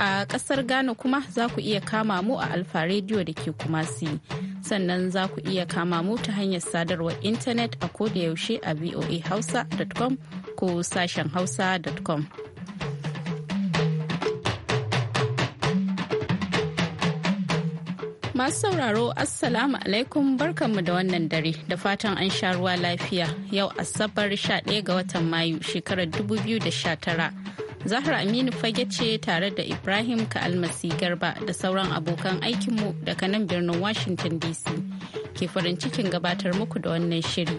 A ƙasar Ghana kuma za ku iya kama mu a Alfa Radio da ke Kumasi. Sannan za ku iya kama mu ta hanyar sadarwar intanet a yaushe a voahausa.com ko sashen hausa.com. Masu sauraro Assalamu alaikum barkanmu da wannan dare da fatan an sha ruwa lafiya yau Asabar 11 ga watan Mayu shekarar 2019. Zahra Aminu fage ce tare da Ibrahim Ka'almasi Garba da sauran abokan aikinmu daga nan birnin Washington DC ke farin cikin gabatar muku da wannan shiri.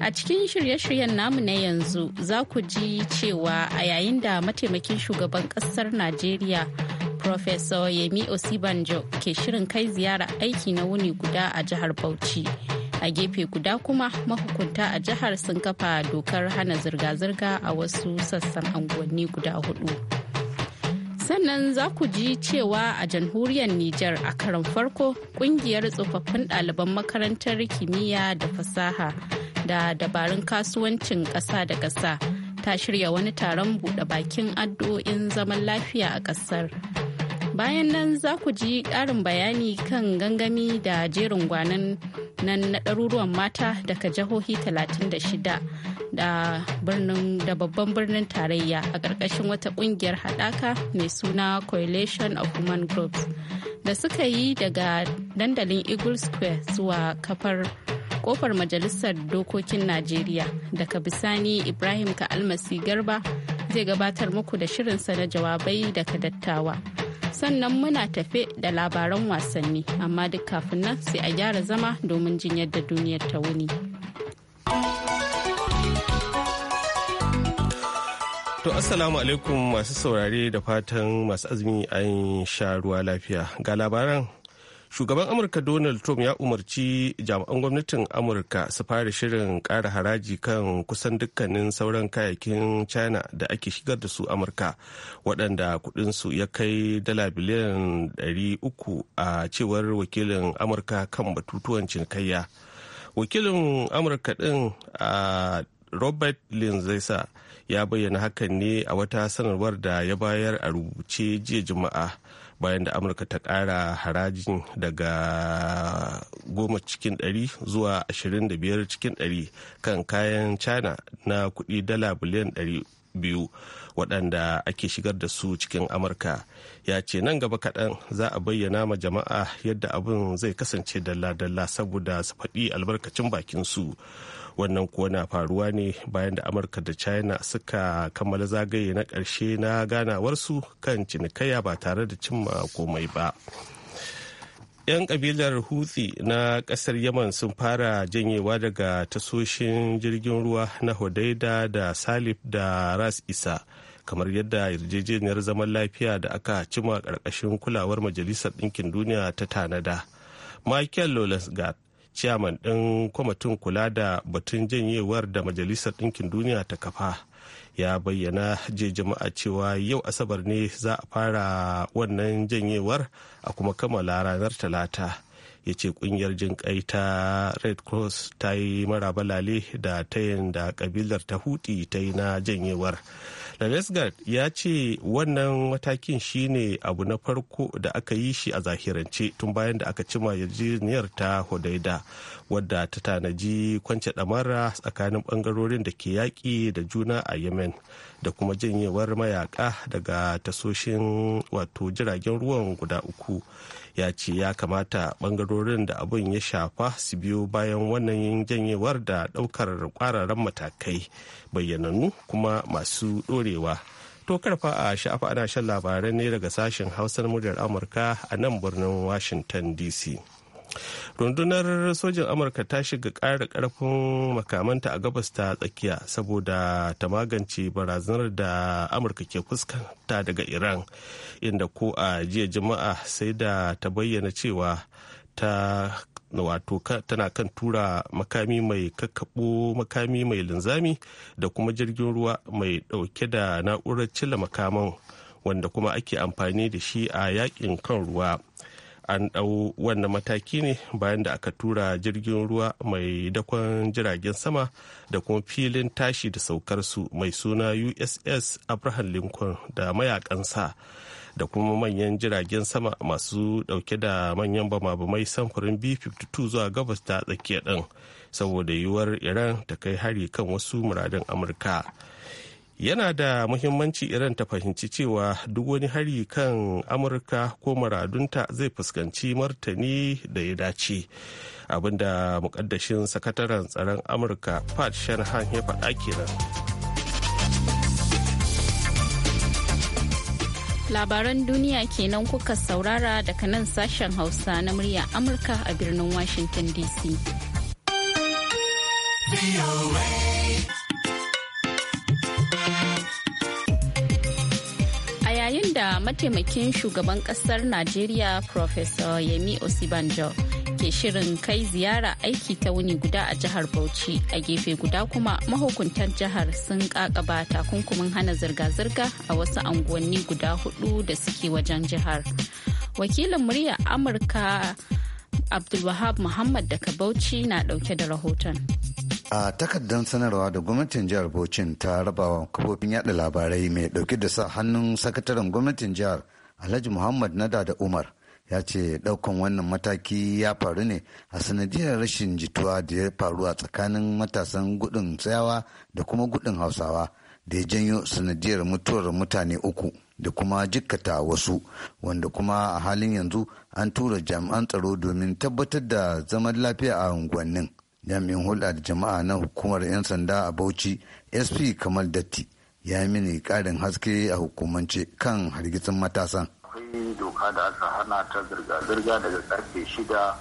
A cikin shirye-shiryen namu na yanzu za ku ji cewa a yayin da mataimakin shugaban ƙasar Najeriya Professor Yemi Osibanjo ke shirin kai ziyara aiki na wuni guda a jihar Bauchi. a gefe guda kuma mahukunta a jihar sun kafa dokar hana zirga-zirga a wasu sassan unguwanni guda hudu sannan za ku ji cewa a jamhuriyar Nijar a karan farko kungiyar tsofaffin ɗaliban makarantar kimiyya da fasaha da dabarun kasuwancin ƙasa da ƙasa ta shirya wani taron buɗe bakin addu'o'in zaman lafiya a ƙasar. Bayan nan za ku ji ƙarin bayani kan gangami da jerin gwanan nan na ɗaruruwan mata daga jihohi 36 da birnin da babban birnin tarayya a ƙarƙashin wata ƙungiyar haɗaka mai suna coalition of women groups da suka yi daga dandalin eagle square zuwa kafar kofar majalisar dokokin najeriya daga bisani ibrahim ka almasi garba zai gabatar muku da shirinsa na jawabai daga dattawa. sannan muna tafe da labaran wasanni amma duk kafin nan sai a gyara zama domin jin yadda duniyar ta wuni. To assalamu alaikum masu saurare da fatan masu azumi an sha ruwa lafiya ga labaran shugaban amurka donald trump ya umarci jami'an gwamnatin amurka su fara shirin kara haraji kan kusan dukkanin sauran kayayyakin china da ake shigar da su amurka waɗanda kudinsu ya kai dala biliyan 300 a cewar wakilin amurka kan batutuwan cinikayya wakilin amurka din a robert linzesa ya bayyana hakan ne a wata sanarwar da ya bayar a rubuce jiya juma'a bayan da amurka ta kara harajin daga goma cikin dari zuwa ashirin da biyar cikin ɗari kan kayan china na kudi dala biliyan 200 biyu waɗanda ake shigar da su cikin amurka ya ce nan gaba kaɗan za a bayyana ma jama'a yadda abin zai kasance dalla-dalla saboda su faɗi albarkacin bakin su wannan kuwa na faruwa ne bayan da amurka da china suka kammala zagaye na ƙarshe na ganawarsu kan cinikayya ba tare da cimma komai ba 'yan kabilar hutsi na kasar yaman sun fara janyewa daga tasoshin jirgin ruwa na hodaida da salif da ras isa kamar yadda yarjejeniyar zaman lafiya da aka cima ƙarƙashin kulawar majalisar ɗinkin duniya ta tanada michael lawrence ciyaman ɗin kwamitin kula da batun janyewar da majalisar ɗinkin duniya ta kafa ya bayyana je jama'a cewa yau asabar ne za a fara wannan janyewar a kuma kammala ranar talata ya ce kungiyar jin ta red cross ta yi marabalale da tayin da kabilar ta huti ta yi na janyewar lavesgard ya ce wannan matakin shine abu na farko da aka yi shi a zahirance tun bayan da aka cima yarjejeniyar ta hudaida wadda ta tanaji kwance ɗamara tsakanin ɓangarorin da ke yaƙi da juna a Yemen da kuma janyewar mayaka daga tasoshin wato jiragen ruwan guda uku. ya ce ya kamata bangarorin da abun ya shafa su biyo bayan wannan janyewar da daukar kwararan matakai bayyananu kuma masu dorewa to karfa a sha'afa ana shan labarai ne daga sashen hausar muryar amurka a nan birnin washington dc rundunar sojin amurka ta shiga ƙara ƙarfin makamanta a gabas ta tsakiya saboda ta magance barazanar da amurka ke fuskanta daga iran inda ko a jiya juma'a sai da ta bayyana cewa ta wato tana kan tura makami mai kakkaɓo makami mai linzami da kuma jirgin ruwa mai ɗauke da na'urar cila makaman wanda kuma ake amfani da shi a yakin kan ruwa an ɗau wannan mataki ne bayan da aka tura jirgin ruwa mai dakon jiragen sama da kuma filin tashi da saukar su mai suna uss abraham lincoln da mayakansa da kuma manyan jiragen sama masu ɗauke da manyan bama-bamai samfurin b-52 zuwa gabas ta tsakiya ɗin saboda yiwuwar iran ta kai hari kan wasu muradin amurka yana da muhimmanci iran ta fahimci cewa duk wani hari kan amurka ko maradunta zai fuskanci martani da ya dace abinda mukaddashin sakataren tsaron amurka pat shanahan ya faɗa kenan labaran duniya kenan kuka saurara daga nan sashen hausa na murya amurka a birnin washington dc yayin da mataimakin shugaban kasar najeriya professor yemi osibanjo ke shirin kai ziyara aiki ta wuni guda a jihar bauchi a gefe guda kuma mahukuntar jihar sun kakaba takunkumin hana zirga-zirga a wasu anguwanni guda hudu da suke wajen jihar wakilin murya amurka abdulwahab muhammad daga bauchi na dauke da rahoton a takardar sanarwa da gwamnatin jihar bocin ta rabawa kafofin yada labarai mai dauke da sa hannun sakataren gwamnatin jihar alhaji muhammad nada da umar ya ce daukan wannan mataki ya faru ne a sanadiyar rashin jituwa da ya faru a tsakanin matasan gudun tsayawa da kuma gudun hausawa da ya janyo sanadiyar mutuwar mutane uku da kuma jikkata wasu wanda kuma a halin yanzu an tura jami'an tsaro domin tabbatar da zaman lafiya a unguwannin jami'in hulɗa da jama'a na hukumar 'yan sanda a bauchi sp kamal datti ya mini ƙarin haske a hukumance kan hargitsin matasan akwai doka da aka hana ta zirga-zirga daga karfe shida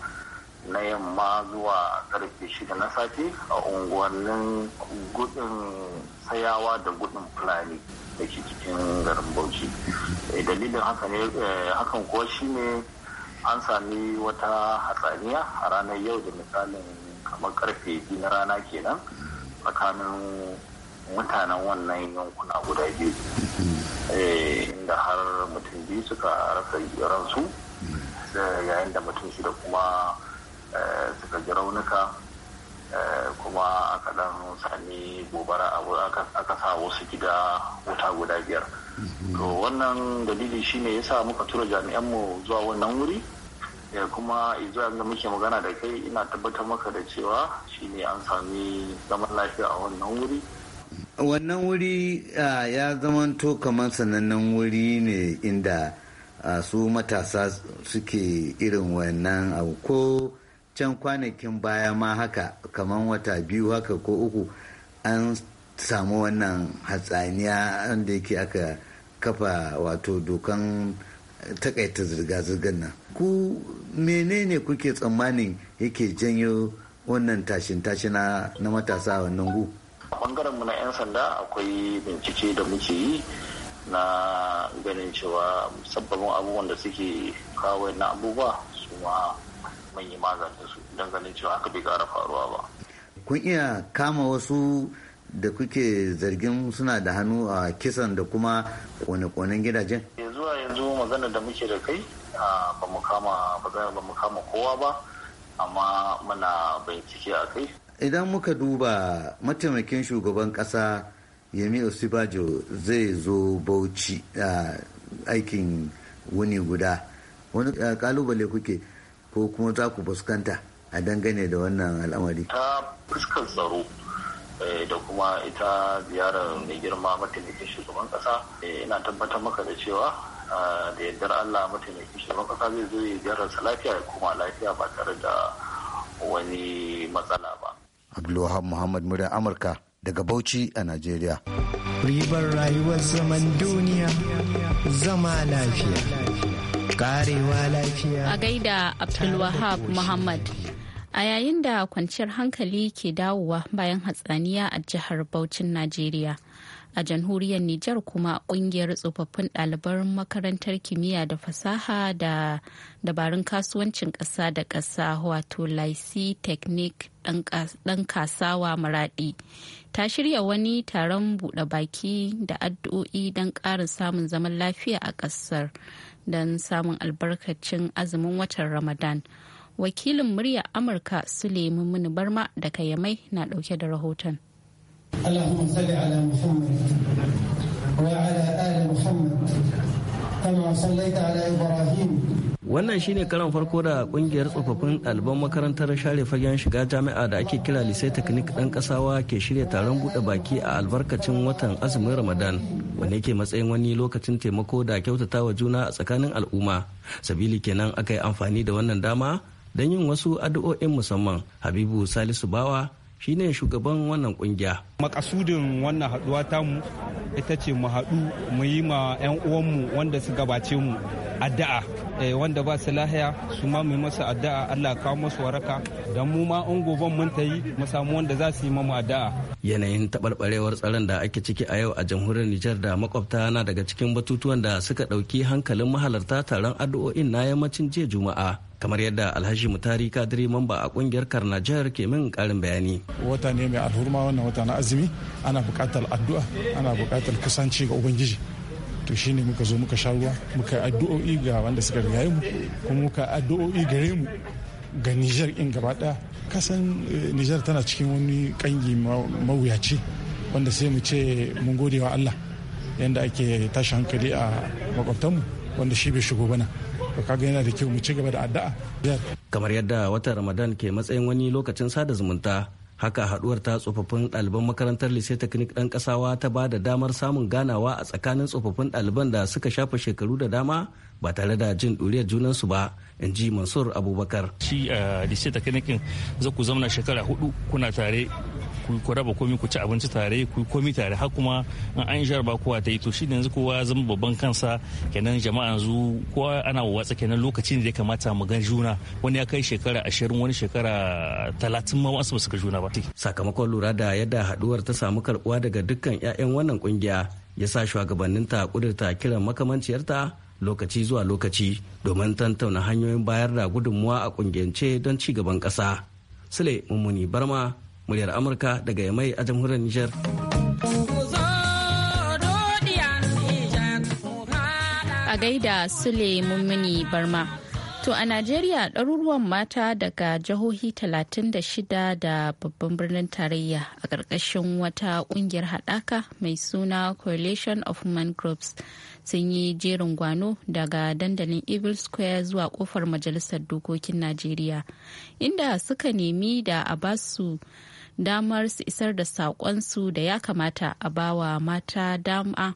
na yamma zuwa karfe shida na safe a unguwannin gudun sayawa da gudun fulani da ke cikin garin bauchi eh, dalilin eh, hakan kuwa shine an sami wata hatsaniya a ranar yau da misalin kamar karfe biyu na rana kenan tsakanin mutanen wannan yankuna guda biyu eh, inda har mutum biyu suka rasa ransu yayin da mutum shida kuma eh, suka ji raunuka eh, kuma aka dan sami gobara aka sa wasu gida wuta guda biyar to wannan dalili shine ya sa muka tura jami'anmu zuwa wannan wuri ya eh, kuma izuwa da muke magana da kai ina tabbatar maka da cewa shi ne an sami zaman lafiya a wannan wuri wannan wuri ya zamanto kamar sanannen wuri ne inda su matasa suke irin wannan abu ko can kwanakin baya ma haka kamar wata biyu haka ko uku an samu wannan hatsaniya wanda yake aka kafa wato dokan takaita zirga-zirgar nan ku menene kuke tsammanin yake janyo wannan tashin-tashina na matasa a wannan gu bangaren mu na 'yan sanda akwai bincike da muke yi na ganin cewa sabbabin abubuwan da suke kawo na abubuwa su ma manyan magani su don ganin cewa aka bai kara faruwa ba kun iya kama wasu da kuke zargin suna da hannu a kisan da kuma kone-konen gidajen eh, zuwa yanzu magana da muke da kai ba mu kama kowa ba amma muna bincike a kai idan muka duba mataimakin shugaban kasa yemi osibajo zai zo bauchi a aikin wuni guda wani kalubale kuke ko kuma za ku fuskanta a dangane da wannan al'amari ta fuskar tsaro eh, da kuma ita ziyarar mai girma mataimakin shugaban kasa eh, ina tabbatar maka da cewa da yardar Allah mataimakin shugaban kasa zai zo ya gyararsa lafiya ya koma lafiya ba tare da wani matsala ba. Abdulwahab Muhammad murya Amurka daga Bauchi a Najeriya. Ribar rayuwar zaman duniya zama lafiya. Karewa lafiya. A gaida Abdulwahab Muhammad. A yayin da kwanciyar hankali ke dawowa bayan hatsaniya a jihar Bauchin Najeriya. a jamhuriyar Nijar kuma kungiyar tsofaffin ɗaliban makarantar kimiyya da fasaha da dabarun kasuwancin ƙasa da ƙasa wato Lycée Technique ɗan kasawa maraɗi ta shirya wani taron buɗe baki da addu'o'i don ƙarin samun zaman lafiya a ƙasar don samun albarkacin azumin watan Ramadan. Wakilin muryar Amurka Suleiman mini Barma daga Yamai na ɗauke da rahoton. اللهم صل على محمد وعلى آل محمد كما صليت على إبراهيم wannan shi ne karan farko da kungiyar tsofaffin ɗaliban makarantar share fagen shiga jami'a da ake kira lise teknik ɗan kasawa ke shirya taron buɗe baki a albarkacin watan azumin ramadan wanda yake matsayin wani lokacin taimako da kyautata wa juna a tsakanin al'umma sabili kenan aka yi amfani da wannan dama don yin wasu addu'o'in musamman habibu salisu bawa shine shugaban wannan kungiya makasudin wannan haduwa mu ita ce mu haɗu mu yi ma 'yan uwanmu wanda su gabace mu addu'a eh, wanda ba su lahiya su ma mu yi masa addu'a Allah kawo masu waraka da mu ma in goban mun ta yi mu samu wanda za su yi mamu addu'a yanayin taɓarɓarewar tsaron da ake ciki a yau a jamhuriyar Nijar da makwabta na daga cikin batutuwan da suka ɗauki hankalin mahalarta taron addu'o'in na yammacin jiya Juma'a kamar yadda alhaji mutari kadiri mamba a kungiyar karnajar ke min karin bayani wata ne mai alhurma wannan wata na azumi ana buƙatar addu'a ana buƙatar kusanci ga ubangiji to shine muka zo muka sha ruwa muka addu'o'i ga wanda suka riga mu kuma muka addu'o'i gare mu ga Nijar in gaba ɗaya kasan eh, Nijar tana cikin wani kangi mawuyaci wanda sai mu ce mun gode wa Allah yadda ake tashi hankali a makwabtanmu wanda shi bai shigo bana to kaga yana da kyau mu ci gaba da addu'a kamar yadda watan Ramadan ke matsayin wani lokacin sada zumunta haka haduwar ta tsofaffin ɗaliban makarantar lise technique ɗan ƙasawa ta ba da damar samun ganawa a tsakanin tsofaffin ɗaliban da suka shafa shekaru da dama ba tare da jin ɗuriyar junansu ba in ji mansur abubakar shi a eh, lise technique za ku zauna shekara hudu kuna tare ku ku raba komi ku ci abinci tare ku komai tare har kuma in an ba kowa ta yi to shi yanzu kowa ya zama babban kansa kenan jama'a yanzu kowa ana watsa kenan lokacin da ya kamata mu ga juna wani ya kai shekara ashirin wani shekara talatin ma wasu basu ga juna ba. sakamakon lura da yadda haduwar ta samu karbuwa daga dukkan 'ya'yan wannan kungiya ya sa ta kudurta kiran makamanciyarta lokaci zuwa lokaci domin tantauna hanyoyin bayar da gudunmuwa a kungiyance don ci gaban ƙasa. Sule Mummuni Barma, muryar amurka daga yamai a jamhuriyar niger a gaida sule mummuni barma to a najeriya ɗaruruwan mata daga jihohi 36 da babban birnin tarayya a ƙarƙashin wata ƙungiyar haɗaka mai suna coalition of women groups sun yi jerin gwano daga dandalin evil square zuwa kofar majalisar dokokin najeriya inda suka nemi da a basu damar su isar da saƙonsu da ya kamata a bawa mata dama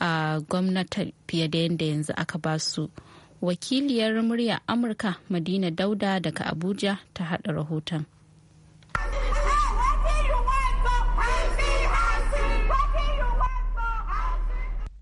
a gwamnati fiye da yadda yanzu aka basu wakiliyar murya amurka madina dauda daga abuja ta haɗa rahoton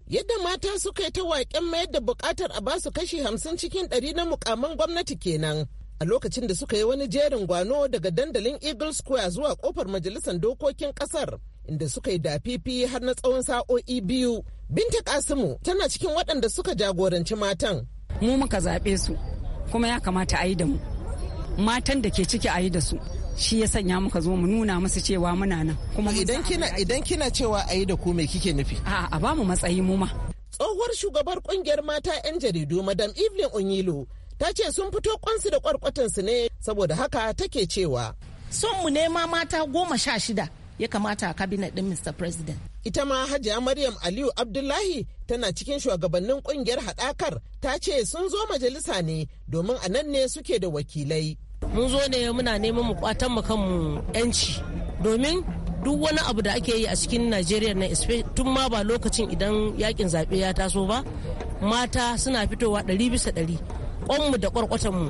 yadda mata suka yi ta waƙen mayar da buƙatar a basu kashi hamsin cikin ɗari na mukaman gwamnati kenan a lokacin da suka yi wani jerin gwano daga dandalin eagle square zuwa kofar majalisar dokokin ƙasar inda suka yi dafifi har na tsawon sa'o'i biyu binta kasimu tana cikin waɗanda suka jagoranci matan mu muka zaɓe su kuma ya kamata a yi da mu matan da ke ciki a yi da su shi ya sanya muka zo mu nuna musu cewa muna nan kuma idan kina idan kina cewa ayi da ku me kike nufi a a ba mu matsayi mu ma tsohuwar shugabar kungiyar mata yan jaridu madam Evelyn Onyilo ta ce sun fito kwansu da kwarkwatansu ne saboda haka take cewa son mu nema mata goma sha shida ya kamata a kabinet din Mr. President. Ita ma Hajiya Maryam Aliyu Abdullahi tana cikin shugabannin kungiyar haɗakar ta ce sun zo majalisa ne domin a nan ne suke da wakilai. mun zo ne muna neman mu kwatan mu kanmu yanci domin duk wani abu da ake yi a cikin najeriya na tun ma ba lokacin idan yakin zaɓe ya taso ba mata suna fitowa ɗari bisa ɗari ƙwanmu da ƙwarƙwatanmu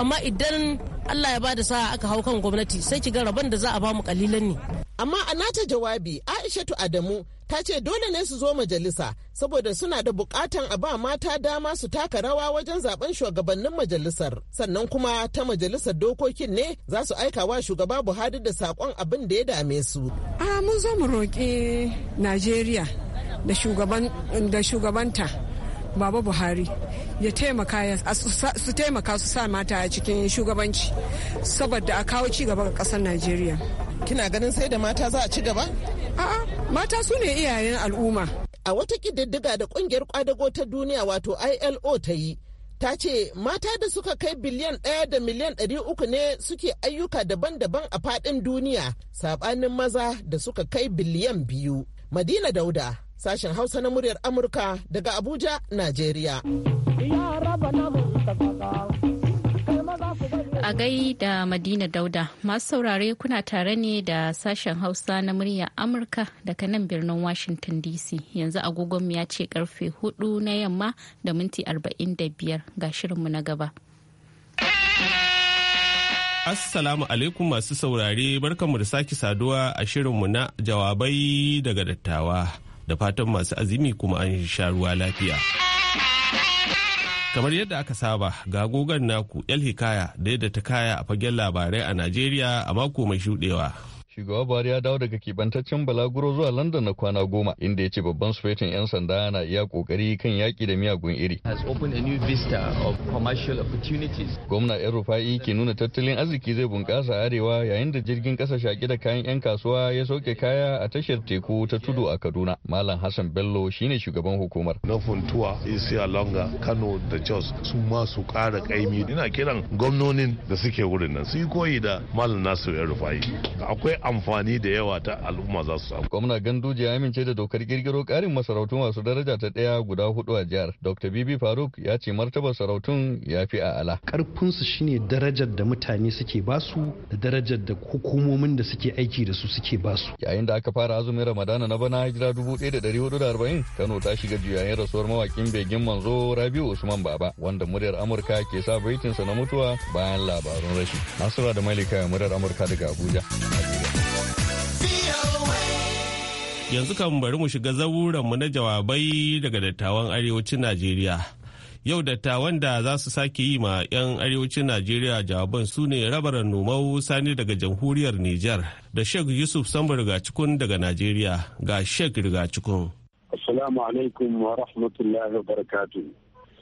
amma idan allah ya bada sa'a aka hau kan gwamnati sai ki ga rabon da za a bamu kalilan ne amma a nata jawabi aishatu adamu ta ce dole ne su zo majalisa saboda suna da bukatan a ba mata dama su taka rawa wajen zaben shugabannin majalisar sannan kuma ta majalisar dokokin ne za su aika wa shugaba buhari da sakon abin da ya dame su a mun zo mu roƙi najeriya da shugabanta baba buhari ya taimaka su taimaka su sa mata a cikin shugabanci saboda a kawo ci gaba ga ƙasar najeriya kina ganin sai da mata za a ci gaba a'a mata su ne iyayen al'umma a wata ƙididdiga da ƙungiyar kwadago ta duniya wato ilo ta yi ta ce mata da suka kai biliyan ɗaya da miliyan ɗari uku ne suke ayyuka daban-daban a faɗin duniya saɓanin maza da suka kai biliyan biyu madina dauda sashen hausa na muryar amurka daga abuja najeriya A da Madina Dauda, masu saurare kuna tare ne da sashen Hausa na murya Amurka daga nan birnin Washington DC. Yanzu agogonmu ya ce karfe 4 na yamma da minti 45 ga shirinmu na gaba. Assalamu alaikum masu saurare barkanmu da sake saduwa a shirinmu na jawabai daga dattawa da fatan masu azumi kuma an sha ruwa lafiya. kamar yadda aka saba ga gogon naku 'Yan hikaya da yadda ta kaya a fagen labarai a najeriya a mako mai shudewa shugaba buhari ya dawo daga kibantaccen balaguro zuwa london na kwana goma inda ya ce babban sufetin 'yan sanda na iya kokari kan yaki da miyagun iri gwamna yan rufa'i ke nuna tattalin arziki zai bunƙasa arewa yayin da jirgin kasa shaki da kayan 'yan kasuwa ya sauke kaya a tashar teku ta tudu a kaduna malam hassan bello shine shugaban hukumar kano da jos su ma su ƙara ina kiran gwamnonin da suke wurin nan su yi koyi da malam nasu yan rufa'i akwai amfani da yawa ta al'umma za su samu. Gwamna Ganduje ya amince da dokar girgiro karin masarautun masu daraja ta ɗaya guda hudu a jihar. Dr. Bibi Faruk ya ce martabar sarautun ya fi a ala. Ƙarfinsu shine darajar da mutane suke basu da darajar da hukumomin da suke aiki da su suke basu. Yayin da aka fara azumin Ramadana na bana hijira dubu ɗaya da ɗari hudu da arba'in Kano ta shiga juyayen rasuwar mawakin Begin Manzo Rabiu Usman Baba wanda muryar Amurka ke sa baitinsa na mutuwa bayan labarun rashi. Nasura da Malika muryar Amurka daga Abuja. Yanzu kan bari mu shiga mu na jawabai daga dattawan arewacin Najeriya. Yau dattawan da za su sake yi ma 'yan arewacin Najeriya jawaban su ne rabaran nomau sani daga jamhuriyar Nijar da Sheikh Yusuf Sambu rigacikun daga Najeriya ga Sheikh rigacikun. Assalamu alaikum wa rahmatullahi wa barakatu.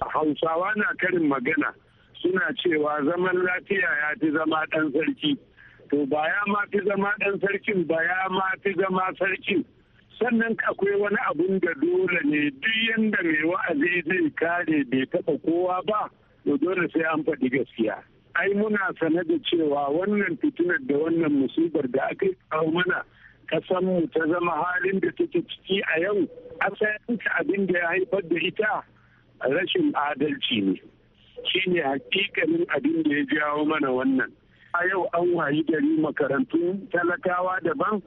Hausawa na karin magana suna cewa zaman lafiya ya fi zama ɗan sarki. to ba ya ma fi zama ɗan sarkin ba ya ma fi zama sarkin sannan akwai wani abun da dole ne duk yadda mai wa'azi zai kare bai taɓa kowa ba to dole sai an faɗi gaskiya ai muna sane da cewa wannan fitinar da wannan musibar da aka kawo mana mu ta zama halin da take ciki a yau asalinta abin da ya haifar da ita rashin adalci ne shine hakikalin abin da ya jawo mana wannan a yau an wayi gari makarantun talakawa daban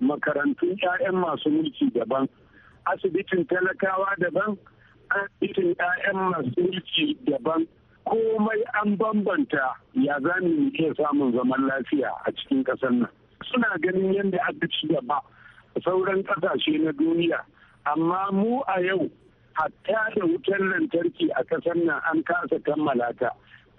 makarantun 'ya'yan masu mulki daban asibitin talakawa daban asibitin 'ya'yan masu mulki daban komai an bambanta ya zami mu iya samun zaman lafiya a cikin ƙasar nan suna ganin yadda aka ci gaba sauran ƙasashe na duniya amma mu a yau hatta da wutar lantarki a ƙasar nan an kasa kammala ta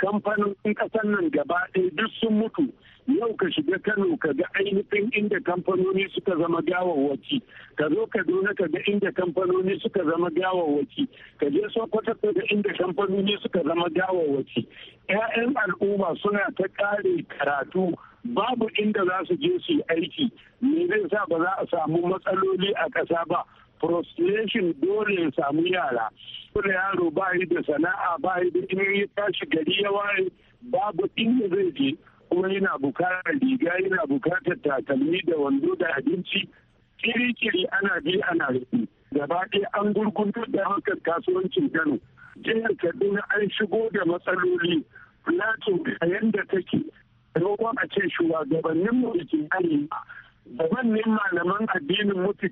kamfanonin ƙasar nan gaba ɗaya duk sun mutu yau ka shiga kano ka ga ainihin inda kamfanoni suka zama gawawaci ka zo kaduna ka ga inda kamfanoni suka zama gawawaci ka je sokoto ka ga inda kamfanoni suka zama gawawaci ƴaƴan al'umma suna ta ƙare karatu babu inda za su je su yi aiki me zai sa ba za a samu matsaloli a ƙasa ba prostitution dole ya samu yara Kuna yaro ba yi da sana'a ba yi da in ya tashi gari ya waye babu inda zai je kuma yana bukatar riga yana bukatar takalmi da wando da abinci kiri-kiri ana bi ana rufi gaba ɗaya an gurguntar da harkar kasuwancin kano jihar kaduna an shigo da matsaloli plateau a yadda take roƙon a ce mu da ke ne malaman addinin mutu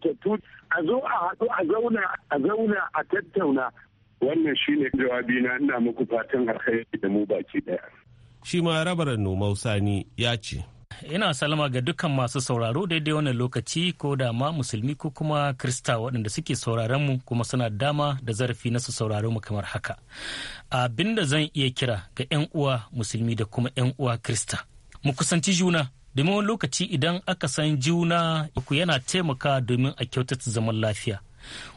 a zo a haɗu a zauna a zauna a tattauna wannan shi ne jawabi na ina muku fatan alkhairi da mu baki daya shi ma rabaran nomau sani ya ce ina salama ga dukkan masu sauraro daidai wannan lokaci ko da ma musulmi ko kuma krista waɗanda suke sauraron mu kuma suna dama da zarafi na su sauraro mu kamar haka abinda zan iya kira ga 'yan uwa musulmi da kuma 'yan uwa krista mu kusanci juna domin wani lokaci idan aka san juna ku yana taimaka domin a kyautata zaman lafiya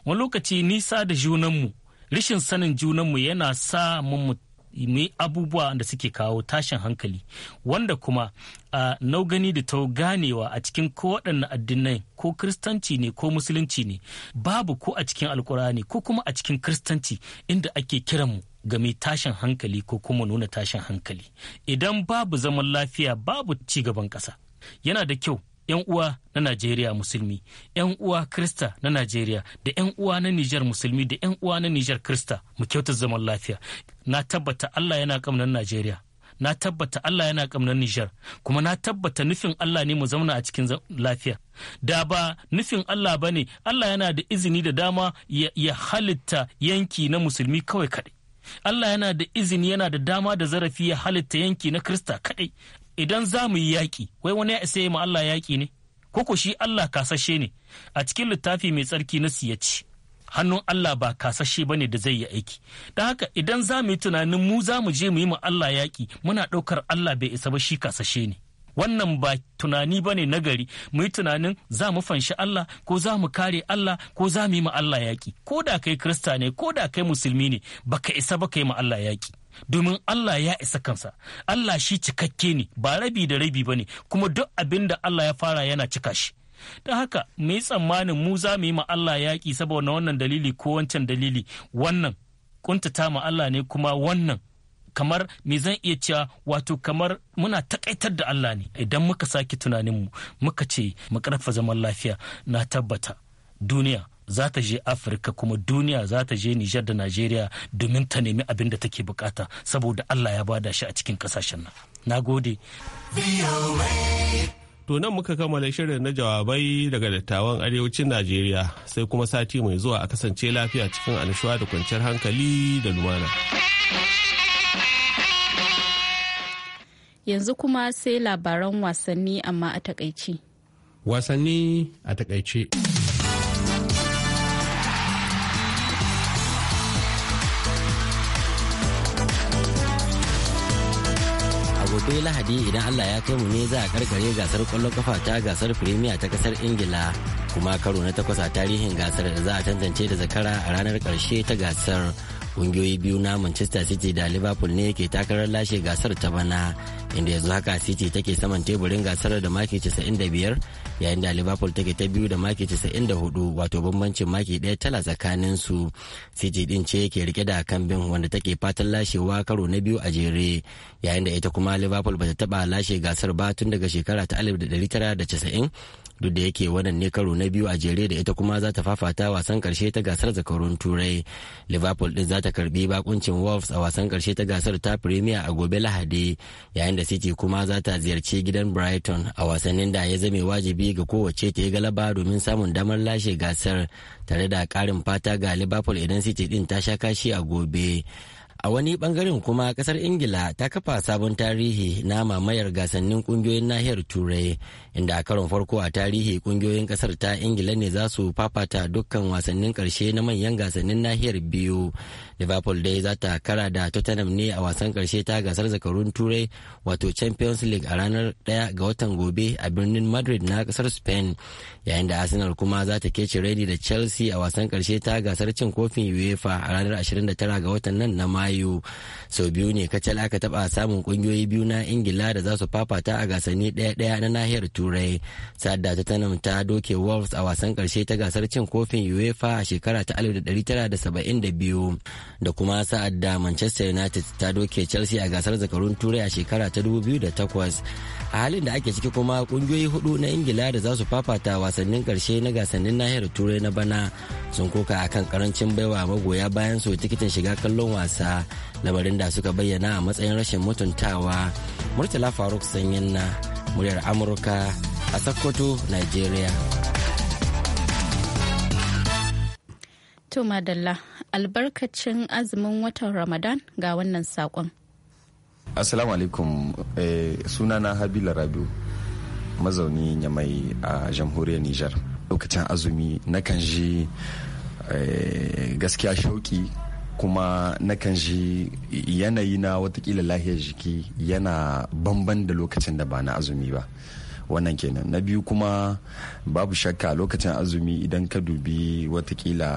wani lokaci nisa da junanmu rashin sanin junanmu yana sa mu yi abubuwa da suke kawo tashin hankali wanda kuma a naugani da ta ganewa a cikin kowaɗanne addinai ko kristanci ne ko musulunci ne babu ko a cikin alkurani ko kuma a cikin kristanci inda ake kiranmu game tashin hankali ko kuma nuna tashin hankali idan babu zaman lafiya babu ci gaban ƙasa yana da kyau 'yan uwa na Najeriya musulmi, 'yan uwa Krista na Najeriya da 'yan uwa na Nijar musulmi da 'yan uwa na Nijar Krista mu kyauta zaman lafiya. Na tabbata Allah yana kamnan Najeriya, na tabbata Allah yana kamnan Nijar, kuma na tabbata nufin Allah ne mu zauna a cikin lafiya. Da ba nufin Allah ba ne, Allah yana da izini da dama ya halitta yanki na musulmi kawai kaɗai. Allah yana da izini yana da dama da zarafi ya halitta yanki na Krista kaɗai idan za mu yi yaƙi wai wani ya isa ma Allah yaƙi ne ko shi Allah kasashe ne a cikin littafi mai tsarki na siyaci hannun Allah ba kasashe ba ne da zai yi aiki don haka idan za mu yi tunanin mu za mu je mu yi ma Allah yaƙi muna ɗaukar Allah bai isa ba shi kasashe ne wannan ba tunani bane nagari mu yi tunanin za mu fanshi Allah ko za mu kare Allah ko za mu yi ma Allah yaƙi ko da kai kirista ne ko da kai musulmi ne baka isa ba ka yi ma Allah yaƙi domin Allah ya isa kansa Allah shi cikakke ne ba rabi da rabi ba ne kuma duk abin da Allah ya fara yana cika shi ta haka mu tsammanin mu za mu yi ma Allah yaƙi saboda wannan dalili ko wancan dalili wannan kuntata ma Allah ne kuma wannan kamar me zan iya cewa wato kamar muna takaitar da Allah ne idan muka sake tunaninmu muka ce mu karfa zaman lafiya na tabbata duniya za ta je afirka kuma duniya za ta je nijar da najeriya domin ta nemi abin da take bukata saboda allah ya bada shi a cikin kasashen nan na gode to nan muka kammala shirin na jawabai daga dattawan arewacin najeriya sai kuma sati mai zuwa a kasance lafiya cikin annashuwa da kwanciyar hankali da lumana. yanzu kuma sai labaran wasanni amma a takaici. Wasanni a takaice. gobe lahadi idan allah ya kai mu ne za a karkare gasar kwallon kafa ta gasar firimiya ta kasar ingila kuma karo na takwas a tarihin gasar da za a tantance da zakara a ranar karshe ta gasar kungiyoyi biyu na manchester city da liverpool ne ke takarar lashe gasar ta bana inda yanzu haka city take saman teburin gasar da maki 95 yayin da liverpool take ta biyu da maki 94 wato bambancin maki ɗaya tala tsakanin su city din ce ke rike da kambin wanda take fatan lashewa karo na biyu a jere yayin da ita kuma liverpool bata taba lashe gasar ba tun daga shekara ta 1990 duk da yake wannan ne karo na biyu a jere da ita kuma za ta fafata wasan karshe ta gasar zakarun turai liverpool din za ta karbi bakuncin wolves a wasan karshe ta gasar ta premier a gobe lahadi yayin da city kuma za ta ziyarci gidan brighton a wasannin da ya zame wajibi ga kowace ta yi galaba domin samun damar lashe gasar tare da karin fata ga liverpool idan city din ta sha kashi a gobe a wani bangaren kuma kasar ingila ta kafa sabon tarihi na mamayar gasannin kungiyoyin nahiyar turai inda a karon farko a tarihi kungiyoyin kasar ta ingila ne za su fafata dukkan wasannin karshe na manyan gasannin nahiyar biyu liverpool dai za ta kara da tottenham ne a wasan karshe ta gasar zakarun turai wato champions league a ranar ɗaya ga watan gobe a birnin madrid na kasar spain yayin da arsenal kuma za ta kece da chelsea a wasan karshe ta gasar cin kofin uefa a ranar 29 ga watan nan na mayu sau biyu ne kacal aka taba samun kungiyoyi biyu na ingila da za su fafata a gasanni daya daya na nahiyar turai sadda ta tanam ta doke wolves a wasan karshe ta gasar cin kofin uefa a shekara ta 1972 da kuma sa'ad da manchester united ta doke chelsea a gasar zakarun turai a shekara ta 2008 a halin da ake ciki kuma kungiyoyi hudu na ingila da za su fafata wasannin karshe na gasannin nahiyar turai na bana sun koka akan karancin baiwa magoya bayan su tikitin shiga kallon wasa labarin da suka bayyana a matsayin rashin mutuntawa murtala faruk sanyin na muryar amurka a sokoto nigeria to madalla albarkacin azumin watan ramadan ga wannan saƙon assalamu alaikum eh, sunana habila rabiu mazauni nyamai a jamhuriyar Nijar, lokacin azumi na kan ji eh, gaskiya shauki kuma nakan ji yanayi na watakila lahiyar jiki yana banban da lokacin da ba na azumi ba wannan kenan na biyu kuma babu shakka lokacin azumi idan ka dubi watakila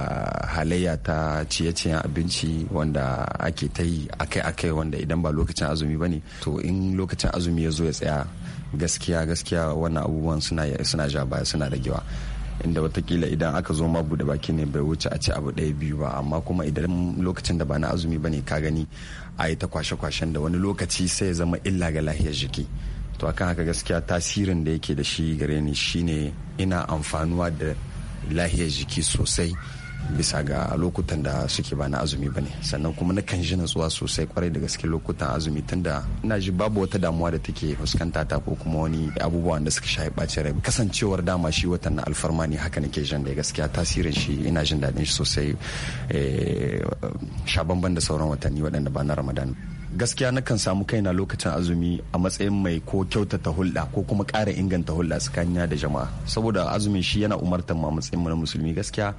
halayya ta ciye-ciyen abinci wanda ake ta yi akai-akai wanda idan ba lokacin azumi ba ne to in lokacin azumi ya zo ya tsaya gaskiya gaskiya wannan abubuwan suna ja baya suna ragewa inda watakila idan aka zo ma bude baki ne bai wuce a ci abu ɗaya biyu ba amma kuma idan lokacin da ba na azumi ba ne ka gani a yi ta kwashe-kwashen da wani lokaci sai ya zama illa ga lahiyar jiki to akan haka gaskiya tasirin da yake da shi gare ni shine ina amfanuwa da lahiyar jiki sosai bisa ga lokutan da suke ba na azumi ba ne sannan kuma na kan ji natsuwa sosai kwarai da gaske lokutan azumi tunda ina ji babu wata damuwa da take fuskanta ta ko kuma wani abubuwan da suka shafi bacin rai kasancewar dama shi watan na alfarma ne haka nake jin da gaskiya tasirin shi ina jin daɗin shi sosai eh, sha da sauran watanni waɗanda ba na ramadan gaskiya nakan samu kaina lokacin azumi a matsayin mai ko kyautata hulɗa ko kuma ƙara inganta hulɗa tsakanin da jama'a saboda azumin shi yana umartar ma matsayin mu na musulmi gaskiya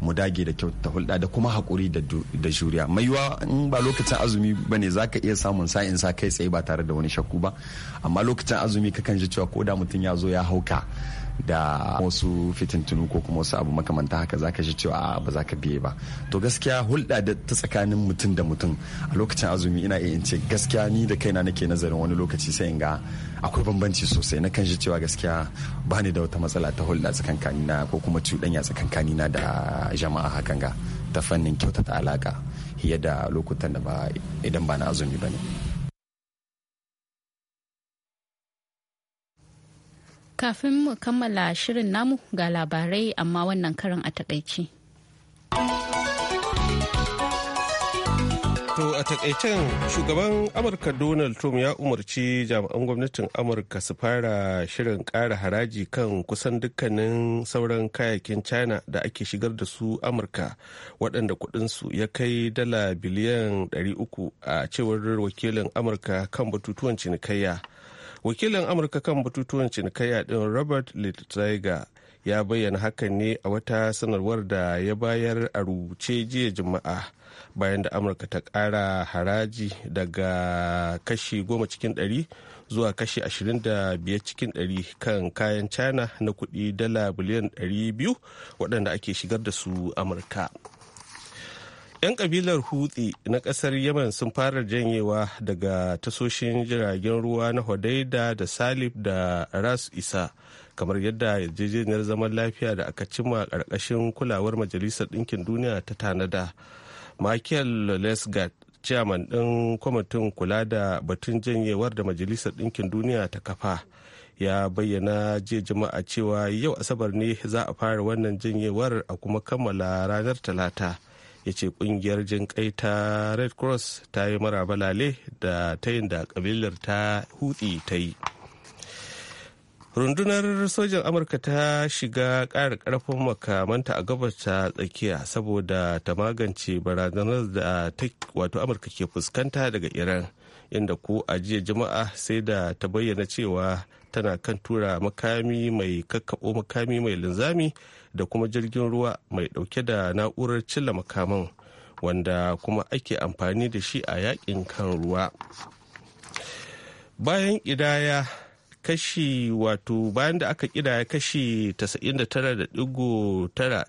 mu dage da kyautata hulɗa da kuma haƙuri da juriya mai yiwa in ba lokacin azumi ba ne zaka iya samun sa'in sa kai tsaye ba tare da wani shakku ba amma lokacin azumi kakan ji cewa ko da mutum ya zo ya hauka da wasu fitintunu ko kuma wasu abu makamanta haka zaka ji cewa ba za ka biye ba to gaskiya hulɗa da ta tsakanin mutum da mutum a lokacin azumi ina iya ce gaskiya ni da kaina nake nazarin wani lokaci sai in ga akwai bambanci sosai na kan ji cewa gaskiya ba ni da wata matsala ta hulɗa tsakankani na ko kuma cuɗanya tsakankani na da jama'a hakan ga ta fannin kyautata alaka yadda da lokutan da ba idan ba na azumi ba ne. Kafin mu kammala shirin namu ga labarai amma wannan karin a takaici. To a takaicen shugaban Amurka Donald Trump ya umarci jami'an gwamnatin Amurka su fara shirin ƙara haraji kan kusan dukkanin sauran kayayyakin China da ake shigar da su Amurka waɗanda kuɗinsu ya kai dala biliyan 300 a cewar wakilin Amurka kan batutuwan cinikayya. wakilin amurka kan batutuwan cinikayya din robert littiger ya bayyana hakan ne a wata sanarwar da ya bayar a rubuce jiya juma'a bayan da amurka ta kara haraji daga kashi goma cikin ɗari zuwa kashi ashirin da biyar cikin ɗari kan kayan china na kuɗi dala biliyan ɗari biyu waɗanda ake shigar da su amurka 'Yan kabilar Hutsi na kasar Yemen sun fara janyewa daga tasoshin jiragen ruwa na Hodaida da Salif da Ras Isa, kamar yadda yarjejeniyar zaman lafiya da aka cimma karkashin kulawar Majalisar Ɗinkin Duniya ta tanada. Michael Lesgard, chairman ɗin kwamitin kula da batun janyewar da Majalisar Ɗinkin Duniya ta kafa. ya bayyana jiya juma'a cewa yau asabar ne za a fara wannan janyewar a kuma kammala ranar talata ya ce kungiyar jinƙai ta red cross ta yi marabalale da ta yin da kabilar ta hutsi ta yi rundunar sojan amurka ta shiga ƙara ƙarfin makamanta a gabas ta tsakiya saboda ta magance barazanar da ta wato amurka ke fuskanta daga iran inda ko a jiya juma'a sai da ta bayyana cewa tana kan tura makami mai kakkaɓo makami mai linzami da kuma jirgin ruwa mai dauke da na'urar cilla makaman wanda kuma ake amfani da shi a yakin kan ruwa bayan ƙidaya kashi wato bayan da aka ƙidaya kashi 99.9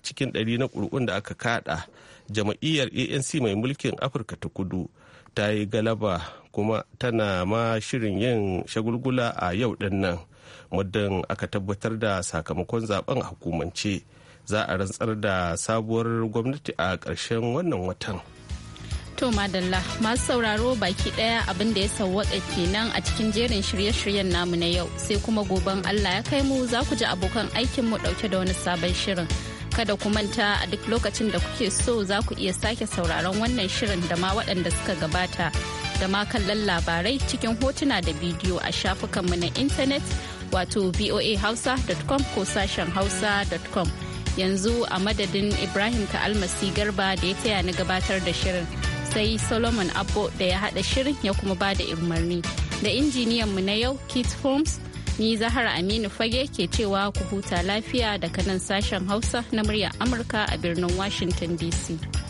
cikin 100 na ƙuri'un da aka kada jama'iyyar anc mai mulkin afirka ta kudu ta yi galaba kuma tana ma shirin yin shagulgula a yau din nan muddin aka tabbatar da sakamakon zaben hukumance za a rantsar da sabuwar gwamnati a ƙarshen wannan watan. To madalla masu sauraro baki ɗaya abin da ya sauwaƙa kenan a cikin jerin shirye-shiryen namu na yau sai kuma goben Allah ya kai mu za ku ji abokan aikin mu ɗauke da wani sabon shirin. Kada ku manta a duk lokacin da kuke so za ku iya sake sauraron wannan shirin da ma waɗanda suka gabata da ma kallon labarai cikin hotuna da bidiyo a shafukanmu na intanet wato voahausa.com ko sashen hausa.com. yanzu a madadin ibrahim ka'almasi garba da ya taya ni gabatar da shirin sai solomon abbo da ya hada shirin ya kuma ba da umarni da injiniyan mu na yau kit holmes ni zahara aminu fage ke cewa ku huta lafiya daga nan sashen hausa na muryar amurka a birnin washington dc